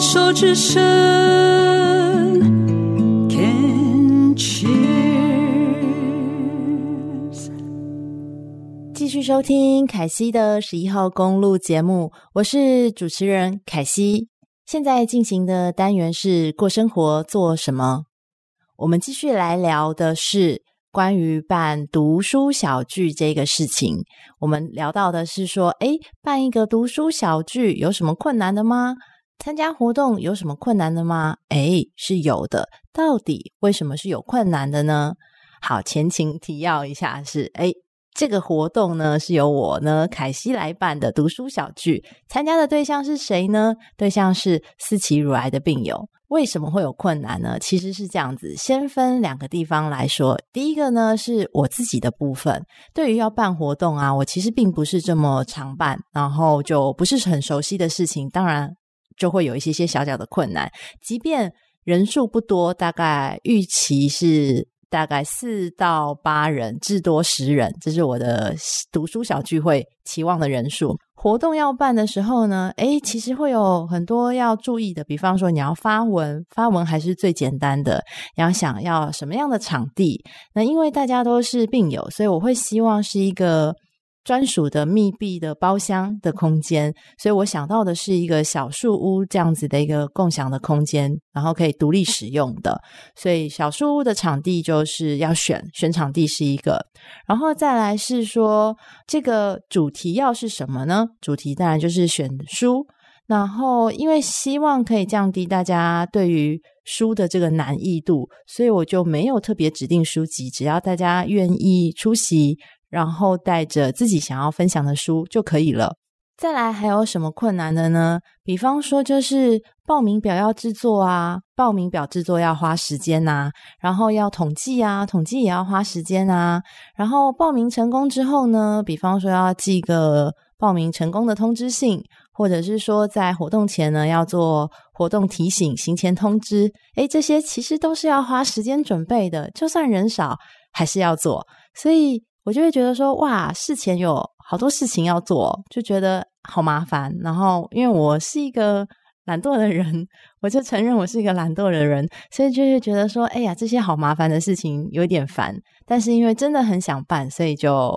手之伸，can cheers。繼續收聽凱西的十一號公路節目，我是主持人凱西。現在進行的單元是過生活做什麼？我們繼續來聊的是關於辦讀書小聚這個事情。我們聊到的是說，誒，辦一個讀書小聚有什麼困難的嗎？參加活動有什麼困難的嗎？哎，是有的。到底為什麼是有困難的呢？好，前情提要一下是：哎，這個活動呢是由我呢凱西來辦的讀書小聚。參加的對象是誰呢？對象是四期乳癌的病友。為什麼會有困難呢？其實是這樣子，先分兩個地方來說。第一個呢是我自己的部分。對於要辦活動啊，我其實並不是這麼常辦，然後就不是很熟悉的事情。當然。就會有一些些小小的困難，即便人數不多，大概預期是大概四到八人，至多十人，這是我的讀書小聚會期望的人數。活動要辦的時候呢，誒，其實會有很多要注意的，比方說你要發文，發文還是最簡單的。你要想要什麼樣的場地？那因為大家都是病友，所以我會希望是一個，專屬的密閉的包廂的空間，所以我想到的是一個小樹屋這樣子的一個共享的空間，然後可以獨立使用的。所以小樹屋的場地就是要選，選場地是一個，然後再來是說這個主題要是什麼呢？主題當然就是選書，然後因為希望可以降低大家對於書的這個難易度，所以我就沒有特別指定書籍，只要大家願意出席，然後帶着自己想要分享的書就可以了。再來還有什麼困難的呢？比方說就是報名表要製作啊，報名表製作要花時間啊，然後要統計啊，統計也要花時間啊。然後報名成功之後呢，比方說要寄個報名成功的通知信，或者是說在活動前呢要做活動提醒、行前通知。誒，這些其實都是要花時間準備的，就算人少還是要做。所以。我就會覺得說，哇，事前有好多事情要做，就覺得好麻煩。然後，因為我是一個懶惰的人，我就承認我是一個懶惰的人，所以就會覺得說，哎呀，這些好麻煩的事情有點煩。但是，因為真的很想辦，所以就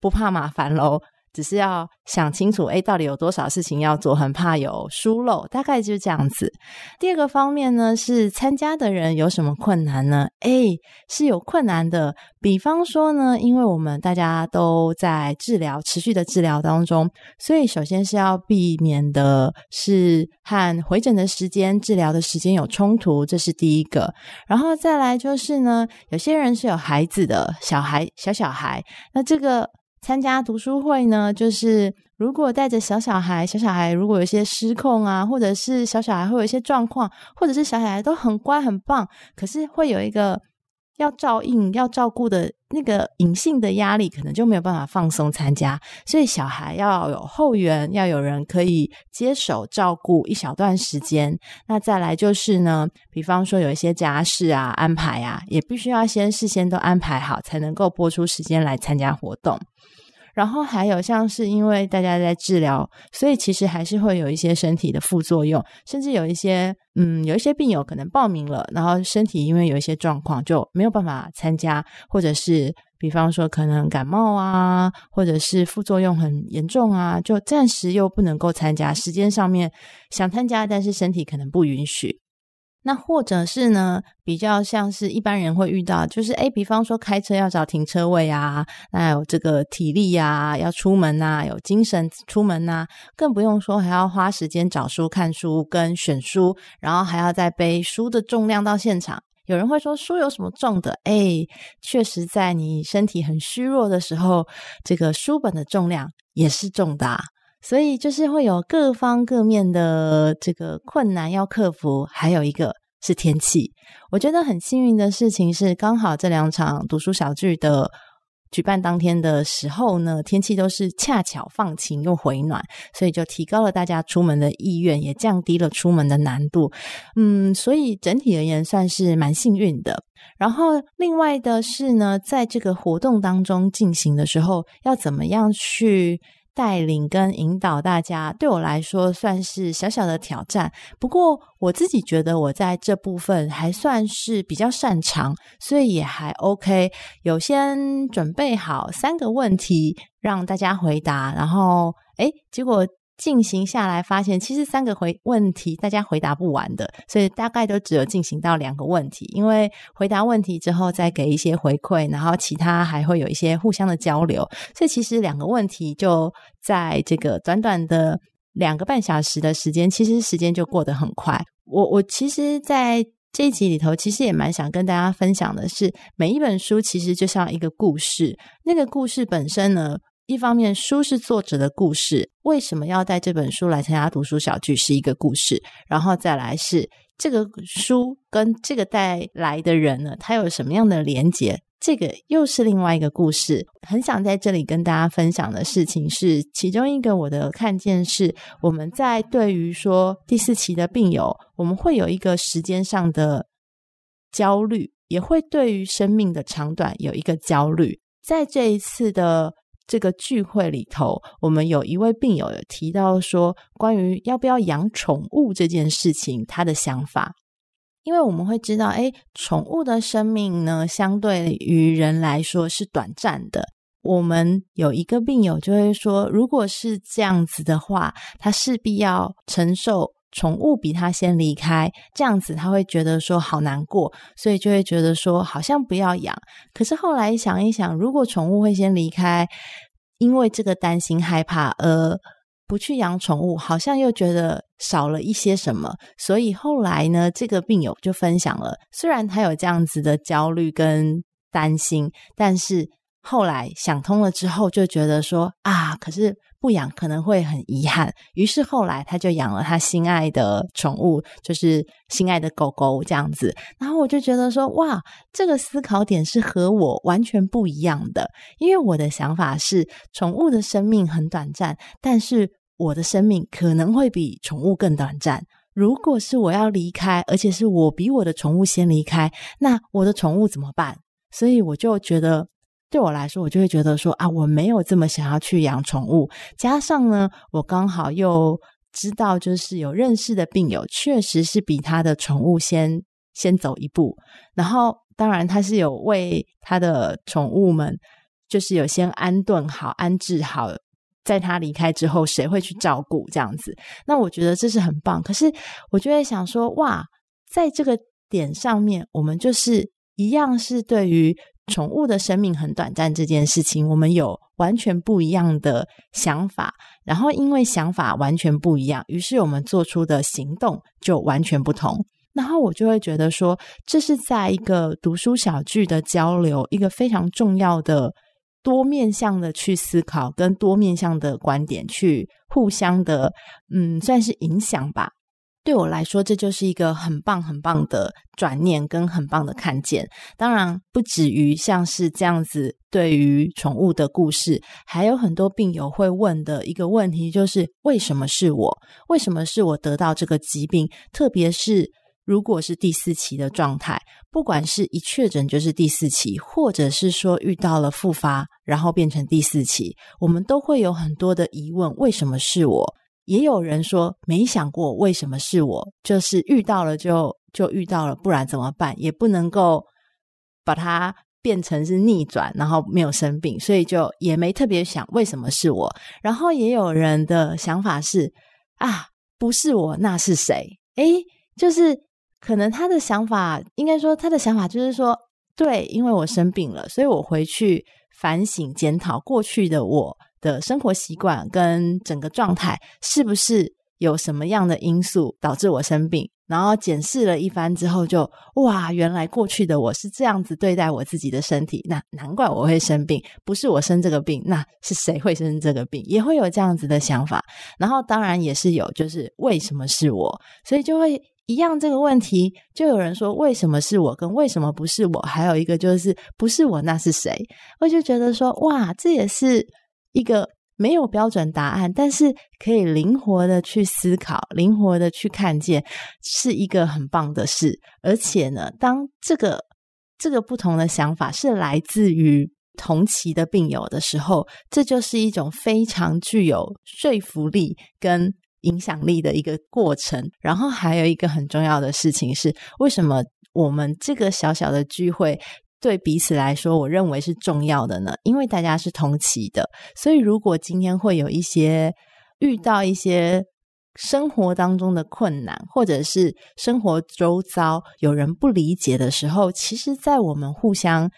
不怕麻煩嘍。只是要想清楚，誒，到底有多少事情要做，很怕有疏漏，大概就是這樣子。第二個方面呢，是參加的人有什麼困難呢？誒，是有困難的。比方說呢，因為我們大家都在治療，持續的治療當中，所以首先是要避免的是和回診的時間、治療的時間有衝突，這是第一個。然後再來就是呢，有些人是有孩子的，小孩、小小孩，那這個。參加讀書會呢，就是如果帶着小小孩，小小孩如果有一些失控啊，或者是小小孩會有一些狀況，或者是小小孩都很乖很棒，可是會有一個。要照應、要照顧的那個隱性的壓力，可能就沒有辦法放鬆參加。所以，小孩要有後援，要有人可以接手照顧一小段時間。那再來就是呢，比方說有一些家事啊、安排啊，也必須要先事先都安排好，才能夠撥出時間來參加活動。然後還有像是因為大家在治療，所以其實還是會有一些身體的副作用，甚至有一些嗯，有一些病友可能報名了，然後身體因為有一些狀況就沒有辦法參加，或者是比方說可能感冒啊，或者是副作用很嚴重啊，就暫時又不能夠參加，時間上面想參加，但是身體可能不允許。那或者是呢，比較像是一般人會遇到，就是誒、欸、比方說開車要找停車位啊，那有這個體力呀、啊，要出門吶、啊，有精神出門吶、啊，更不用說還要花時間找書、看書跟選書，然後還要再背書的重量到現場。有人會說書有什麼重的？誒、欸、確實在你身體很虛弱的時候，這個書本的重量也是重的。所以就是會有各方各面的這個困難要克服，還有一個是天氣。我覺得很幸運的事情是，剛好這兩場讀書小聚的舉辦當天的時候呢，天氣都是恰巧放晴又回暖，所以就提高了大家出門的意願，也降低了出門的難度。嗯，所以整體而言算是蠻幸運的。然後另外的是呢，在這個活動當中進行的時候，要怎麼樣去帶領跟引導大家，對我來說算是小小的挑戰。不過我自己覺得我在這部分還算是比較擅長，所以也還 OK。有先準備好三個問題讓大家回答，然後，誒，結果。進行下來，發現其實三個回問題大家回答不完的，所以大概都只有進行到兩個問題。因為回答問題之後，再給一些回饋，然後其他還會有一些互相的交流。所以其實兩個問題就在這個短短的兩個半小時的時間，其實時間就過得很快。我我其實在這一集裡頭，其實也蠻想跟大家分享的是，每一本書其實就像一個故事，那個故事本身呢，一方面，書是作者的故事，為什麼要帶這本書來參加讀書小聚是一個故事，然後再來是這個書跟這個帶來的人呢，他有什麼樣的連結？這個又是另外一個故事。很想在這裡跟大家分享的事情是，其中一個我的看見是，我們在對於說第四期的病友，我們會有一個時間上的焦慮，也會對於生命的長短有一個焦慮，在這一次的，這個聚會裡頭，我們有一位病友有提到說，關於要不要養寵物這件事情，他的想法。因為我們會知道，誒，寵物的生命呢，相對於人來說是短暫的。我們有一個病友就會說，如果是這樣子的話，他勢必要承受。寵物比他先離開，這樣子他會覺得說好難過，所以就會覺得說好像不要養。可是後來想一想，如果寵物會先離開，因為這個擔心害怕，而、呃、不去養寵物，好像又覺得少了一些什麼。所以後來呢，這個病友就分享了，雖然他有這樣子的焦慮跟擔心，但是後來想通了之後，就覺得說啊，可是。不養可能會很遺憾，於是後來他就養了他心愛的寵物，就是心愛的狗狗這樣子。然後我就覺得說，哇，這個思考點是和我完全不一樣的，因為我的想法是，寵物的生命很短暫，但是我的生命可能會比寵物更短暫。如果是我要離開，而且是我比我的寵物先離開，那我的寵物怎麼辦？所以我就覺得。對我來說，我就會覺得說啊，我沒有這麼想要去養寵物。加上呢，我剛好又知道，就是有認識的病友，確實是比他的寵物先先走一步。然後，當然他是有為他的寵物們，就是有先安頓好、安置好，在他離開之後，誰會去照顧這樣子？那我覺得這是很棒。可是，我就會想說，哇，在這個點上面，我們就是一樣是對於。寵物的生命很短暫這件事情，我們有完全不一樣的想法，然後因為想法完全不一樣，於是我們做出的行動就完全不同。然後我就會覺得說，這是在一個讀書小聚的交流，一個非常重要的多面向的去思考，跟多面向的觀點去互相的，嗯，算是影響吧。對我來說，這就是一個很棒、很棒的轉念跟很棒的看見。當然，不止於像是這樣子，對於寵物的故事，還有很多病友會問的一個問題就是：為什麼是我？為什麼是我得到這個疾病？特別是如果是第四期的狀態，不管是一確診就是第四期，或者是說遇到了復發，然後變成第四期，我們都會有很多的疑問：為什麼是我？也有人說沒想過為什麼是我，就是遇到了就就遇到了，不然怎麼辦？也不能夠把它變成是逆轉，然後沒有生病，所以就也沒特別想為什麼是我。然後也有人的想法是啊，不是我，那是誰？誒，就是可能他的想法，應該說他的想法就是說，對，因為我生病了，所以我回去反省檢討過去的我的生活習慣跟整個狀態是不是有什麼樣的因素導致我生病？然後檢視了一番之後，就哇，原來過去的我是這樣子對待我自己的身體，那難怪我會生病。不是我生這個病，那是誰會生這個病？也會有這樣子的想法。然後當然也是有，就是為什麼是我？所以就會一樣這個問題，就有人說為什麼是我，跟為什麼不是我？還有一個就是不是我，那是誰？我就覺得說哇，這也是。一個沒有標準答案，但是可以靈活的去思考、靈活的去看見，是一個很棒的事。而且呢，當這個這個不同的想法是來自於同期的病友的時候，這就是一種非常具有說服力跟影響力的一個過程。然後還有一個很重要的事情是，為什麼我們這個小小的聚會？對彼此來說，我認為是重要的呢，因為大家是同期的。所以，如果今天會有一些遇到一些生活當中的困難，或者是生活周遭有人不理解的時候，其實，在我們互相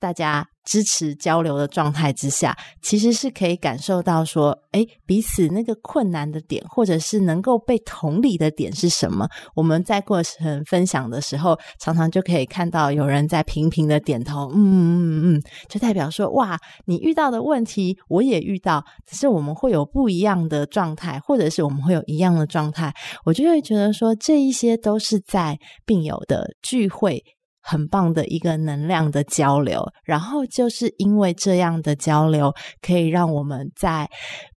大家。支持交流的狀態之下，其實是可以感受到說，哎，彼此那個困難的點，或者是能夠被同理的點是什麼。我們在過程分享的時候，常常就可以看到有人在頻頻的點頭，嗯嗯嗯，嗯，就代表說，哇，你遇到的問題我也遇到，只是我們會有不一樣的狀態，或者是我們會有一樣的狀態。我就會覺得說，這一些都是在病友的聚會很棒的一個能量的交流，然後就是因為這樣的交流，可以讓我們在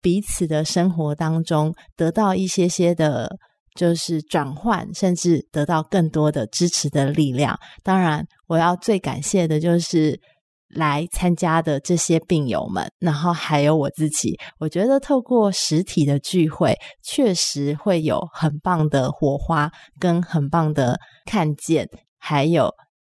彼此的生活當中得到一些些的，就是轉換，甚至得到更多的支持的力量。當然，我要最感謝的就是來參加的這些病友們，然後還有我自己。我覺得透過實體的聚會，確實會有很棒的火花，跟很棒的看見，還有。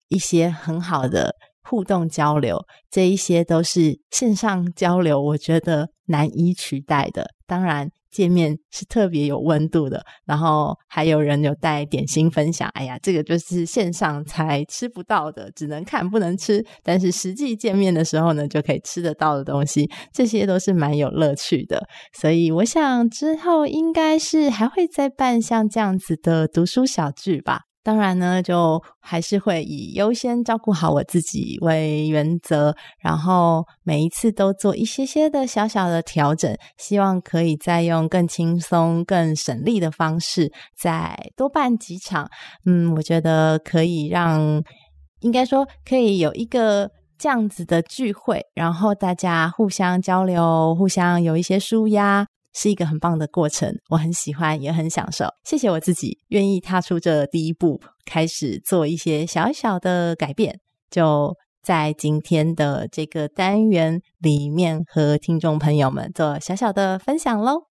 一些很好的互動交流，這一些都是線上交流，我覺得難以取代的。當然，見面是特別有溫度的，然後還有人有帶點心分享。哎呀，這個就是線上才吃不到的，只能看不能吃，但是實際見面的時候呢，就可以吃得到的東西，這些都是蠻有樂趣的。所以，我想之後應該是還會再辦像這樣子的讀書小聚吧。當然呢，就還是會以優先照顧好我自己為原則，然後每一次都做一些些的小小的調整，希望可以再用更輕鬆、更省力的方式，再多辦幾場。嗯，我覺得可以讓，應該說可以有一個這樣子的聚會，然後大家互相交流，互相有一些舒壓。是一個很棒的過程，我很喜歡，也很享受。謝謝我自己，願意踏出這第一步，開始做一些小小的改變，就在今天的這個單元裡面和聽眾朋友們做小小的分享嘍。